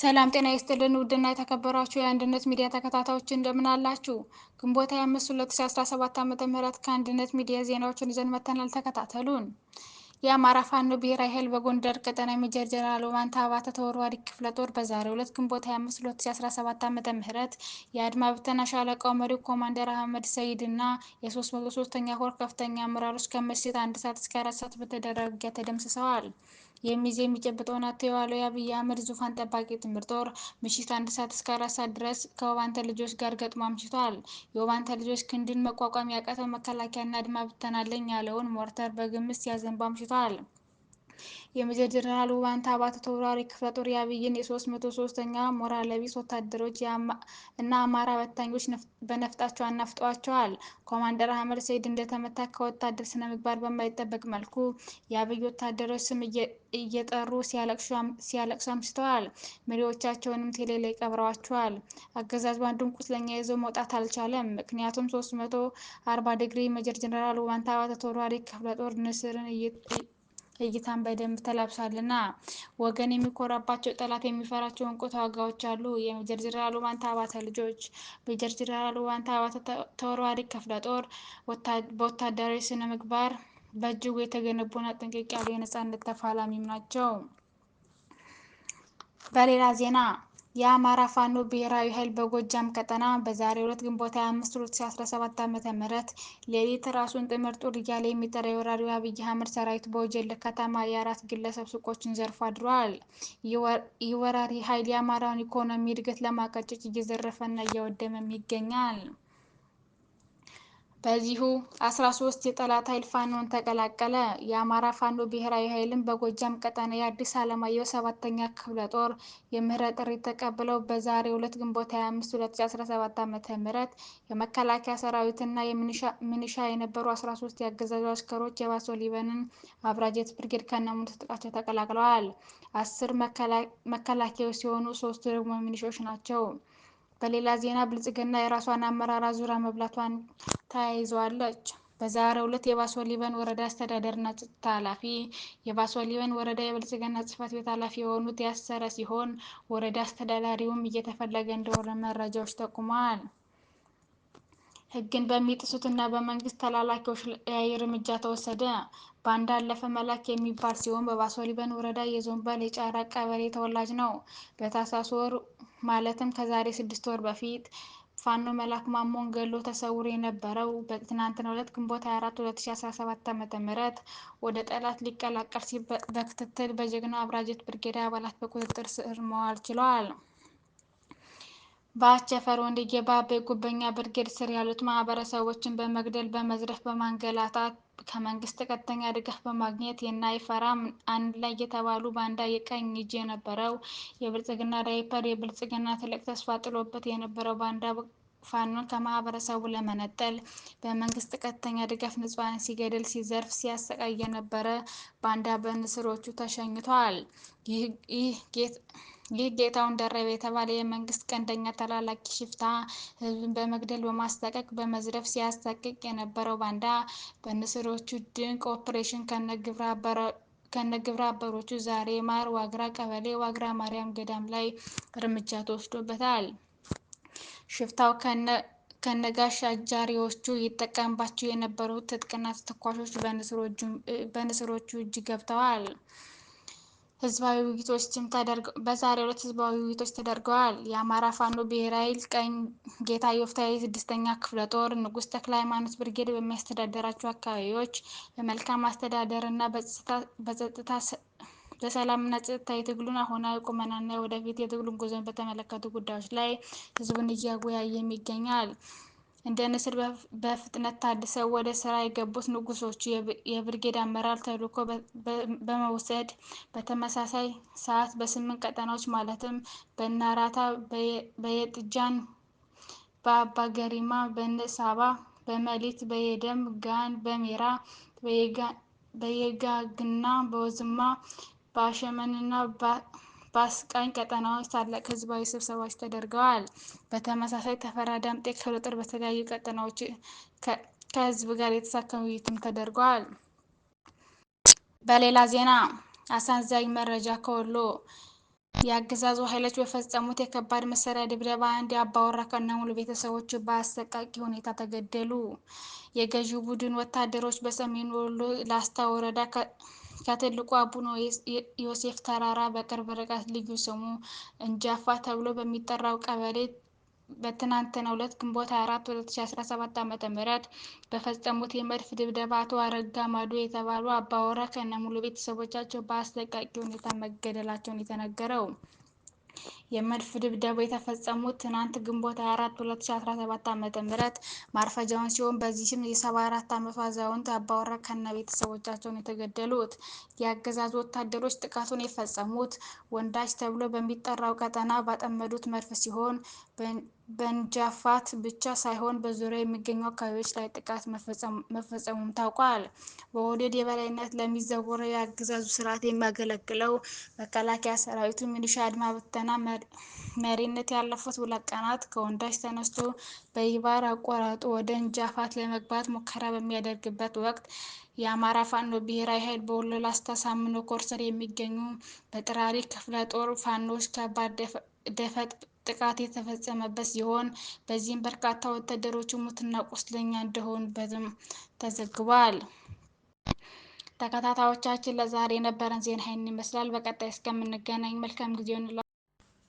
ሰላም ጤና ይስጥልን ውድና የተከበራችሁ የአንድነት ሚዲያ ተከታታዮች እንደምን አላችሁ? ግንቦት 25 2017 ዓ.ም ከአንድነት ሚዲያ ዜናዎችን ይዘን መተናል። ተከታተሉን። የአማራ ፋኖ ብሔራዊ ኃይል በጎንደር ቀጠና ሜጀር ጀነራል ኦማንታ አባተ ተወርዋሪ ክፍለ ጦር በዛሬው ዕለት ግንቦት 25 2017 ዓ.ም የአድማ ብተና ሻለቃው መሪው ኮማንደር አህመድ ሰይድ እና የ303ኛ ኮር ከፍተኛ አመራሮች ከምሽት አንድ ሰዓት እስከ አራት ሰዓት በተደረገ ውጊያ ተደምስሰዋል። የሚዜ የሚጨብጠውን አቶ የዋለው የአብይ አህመድ ዙፋን ጠባቂ ትምህርት ጦር ምሽት አንድ ሰዓት እስከ አራት ሰዓት ድረስ ከወባንተ ልጆች ጋር ገጥሞ አምሽቷል። የወባንተ ልጆች ክንድን መቋቋም ያቃተው መከላከያና አድማ ብተናለኝ ያለውን ሞርተር በግምት ሲያዘንቡ አምሽቷል። የሜጀር ጀነራል ውባንታ አባተ ተወራሪ ክፍለ ጦር የአብይን የ303ኛ ሞራ ለቢስ ወታደሮች እና አማራ በታኞች በነፍጣቸው አናፍጠዋቸዋል። ኮማንደር አህመድ ሰይድ እንደተመታ ከወታደር ስነ ምግባር በማይጠበቅ መልኩ የአብይ ወታደሮች ስም እየጠሩ ሲያለቅሱ አምስተዋል። መሪዎቻቸውንም ቴሌ ላይ ቀብረዋቸዋል። አገዛዝ አንዱን ቁስለኛ ይዞ መውጣት አልቻለም። ምክንያቱም 340 ዲግሪ ሜጀር ጀነራል ውባንታ አባተ ተወራሪ ክፍለ ጦር ንስርን እይታን በደንብ ተላብሳልና ወገን የሚኮራባቸው ጠላት የሚፈራቸው እንቁ ተዋጋዎች አሉ። የጀርጀራሉ ባንታ አባተ ልጆች በጀርጀራሉ ባንታ አባተ ተወርዋሪ ክፍለ ጦር በወታደራዊ ስነ ምግባር በእጅጉ የተገነቡና ጥንቅቅ ያሉ የነጻነት ተፋላሚም ናቸው። በሌላ ዜና የአማራ ፋኖ ብሔራዊ ኃይል በጎጃም ቀጠና በዛሬ ሁለት ግንቦት 25 2017 ዓ.ም ሌሊት ራሱን ጥምር ጦር እያለ የሚጠራ የወራሪው አብይ አህመድ ሰራዊት በወጀል ከተማ የአራት ግለሰብ ሱቆችን ዘርፎ አድሯል። የወራሪ ኃይል የአማራውን ኢኮኖሚ እድገት ለማቀጨጭ እየዘረፈና እያወደመም ይገኛል። በዚሁ 13 የጠላት ኃይል ፋኖን ተቀላቀለ። የአማራ ፋኖ ብሔራዊ ኃይልን በጎጃም ቀጠና የአዲስ አለማየሁ ሰባተኛ ክፍለ ጦር የምህረት ጥሪ ተቀብለው በዛሬ 2 ግንቦት 25 2017 ዓ.ም የመከላከያ ሰራዊትና የሚኒሻ የነበሩ 13 የአገዛዙ አሽከሮች የባሶ ሊበንን አብራጀት ብርጌድ ከነሙሉ ትጥቃቸው ተቀላቅለዋል። አስር መከላከያዎች ሲሆኑ ሶስቱ ደግሞ ሚኒሻዎች ናቸው። በሌላ ዜና ብልጽግና የራሷን አመራር ዙሪያ መብላቷን ተያይዘዋለች። በዛሬው ዕለት የባሶ ሊበን ወረዳ አስተዳደርና ጸጥታ ኃላፊ የባሶ ሊበን ወረዳ የብልጽግና ጽህፈት ቤት ኃላፊ የሆኑት ያሰረ ሲሆን ወረዳ አስተዳዳሪውም እየተፈለገ እንደሆነ መረጃዎች ጠቁመዋል። በሚጥሱት እና በመንግስት ተላላኪዎች ላይ እርምጃ ተወሰደ። ባንዳ አለፈ መላክ የሚባል ሲሆን በባሶ ሊበን ወረዳ የዞንበል የጫራ ቀበሌ ተወላጅ ነው። በታሳስ ወር ማለትም ከዛሬ ስድስት ወር በፊት ፋኖ መላክ ማሞን ገሎ ተሰውሮ የነበረው በትናንትና ዕለት ግንቦት 24 2017 ዓ.ም ወደ ጠላት ሊቀላቀል ሲል በክትትል በጀግና አብራጀት ብርጌዳ አባላት በቁጥጥር ስር መዋል ችለዋል። በአቸፈር ወንድ ጌባ ጉበኛ ብርጌድ ስር ያሉት ማህበረሰቦችን በመግደል በመዝረፍ በማንገላታት ከመንግስት ቀጥተኛ ድጋፍ በማግኘት የናይፈራ አንድ ላይ የተባሉ ባንዳ የቀኝ እጅ የነበረው የብልጽግና ዳይፐር የብልጽግና ትልቅ ተስፋ ጥሎበት የነበረው ባንዳ ፋኖን ከማህበረሰቡ ለመነጠል በመንግስት ቀጥተኛ ድጋፍ ንጹሃንን ሲገድል፣ ሲዘርፍ፣ ሲያሰቃይ የነበረ ባንዳ በንስሮቹ ተሸኝቷል። ይህ ጌታውን ደረበ የተባለ የመንግስት ቀንደኛ ተላላኪ ሽፍታ ህዝብን በመግደል በማስጠቀቅ በመዝረፍ ሲያስጠቅቅ የነበረው ባንዳ በንስሮቹ ድንቅ ኦፕሬሽን ከነግብረ አበሮቹ ዛሬ ማር ዋግራ ቀበሌ ዋግራ ማርያም ገዳም ላይ እርምጃ ተወስዶበታል። ሽፍታው ከነጋሽ አጃሪዎቹ ይጠቀምባቸው የነበሩ ትጥቅና ተተኳሾች በንስሮቹ እጅ ገብተዋል። ህዝባዊ ውይይቶችም ተደርገው በዛሬ ዕለት ህዝባዊ ውይይቶች ተደርገዋል። የአማራ ፋኖ ብሔራዊ ኃይል ቀኝ ጌታ ዮፍታሔ ስድስተኛ ክፍለ ጦር ንጉሥ ተክለ ሃይማኖት ብርጌድ በሚያስተዳደራቸው አካባቢዎች በመልካም አስተዳደር እና በጸጥታ ለሰላምና ጸጥታ የትግሉን አሁናዊ ቁመናና ወደፊት የትግሉን ጉዞን በተመለከቱ ጉዳዮች ላይ ህዝቡን እያወያየ ይገኛል። እንደ ንስር በፍጥነት ታድሰው ወደ ስራ የገቡት ንጉሶቹ የብርጌድ አመራር ተልኮ በመውሰድ በተመሳሳይ ሰዓት በስምንት ቀጠናዎች ማለትም በናራታ በየጥጃን፣ በአባ ገሪማ፣ በንሳባ፣ በመሊት፣ በየደም ጋን፣ በሜራ፣ በየጋግና፣ በወዝማ በአሸመንና በአስቃኝ ቀጠናዎች ታላቅ ህዝባዊ ስብሰባዎች ተደርገዋል። በተመሳሳይ ተፈራ ዳምጤ ከለጠር በተለያዩ ቀጠናዎች ከህዝብ ጋር የተሳካ ውይይትም ተደርገዋል። በሌላ ዜና አሳዛኝ መረጃ ከወሎ የአገዛዙ ኃይሎች በፈጸሙት የከባድ መሳሪያ ድብደባ አንድ የአባወራ ሙሉ ቤተሰቦች በአሰቃቂ ሁኔታ ተገደሉ። የገዢው ቡድን ወታደሮች በሰሜን ወሎ ላስታ ወረዳ ከትልቁ አቡነ ዮሴፍ ተራራ በቅርብ ርቀት ልዩ ስሙ እንጃፋ ተብሎ በሚጠራው ቀበሌ በትናንትናው ዕለት ግንቦት 24 2017 ዓ.ም በፈጸሙት የመድፍ ድብደባ አቶ አረጋ ማዶ የተባሉ አባወራ ከነሙሉ ቤተሰቦቻቸው በአስደቃቂ ሁኔታ መገደላቸውን የተነገረው የመድፍ ድብደባ የተፈጸሙት ትናንት ግንቦት 24 2017 ዓ ም ማርፈጃውን ሲሆን በዚህም የ74 ዓመቷ አዛውንት አባወራ ከነ ቤተሰቦቻቸውን የተገደሉት የአገዛዙ ወታደሮች ጥቃቱን የፈጸሙት ወንዳጅ ተብሎ በሚጠራው ቀጠና ባጠመዱት መድፍ ሲሆን በንጃፋት ብቻ ሳይሆን በዙሪያ የሚገኙ አካባቢዎች ላይ ጥቃት መፈጸሙም ታውቋል። በኦህዴድ የበላይነት ለሚዘወረው የአገዛዙ ስርዓት የሚያገለግለው መከላከያ ሰራዊቱ፣ ሚሊሻ፣ አድማ ብተና መሪነት ያለፉት ሁለት ቀናት ከወንዳጅ ተነስቶ በይባር አቋራጦ ወደ እንጃፋት ለመግባት ሙከራ በሚያደርግበት ወቅት የአማራ ፋኖ ብሔራዊ ኃይል በወሎ ላስታ ሳምኖ ኮርሰር የሚገኙ በጥራሪ ክፍለ ጦር ፋኖዎች ከባድ ደፈጥ ጥቃት የተፈጸመበት ሲሆን በዚህም በርካታ ወታደሮች ሙትና ቁስለኛ እንደሆኑበትም ተዘግቧል። ተከታታዮቻችን ለዛሬ የነበረን ዜና ይህን ይመስላል። በቀጣይ እስከምንገናኝ መልካም ጊዜ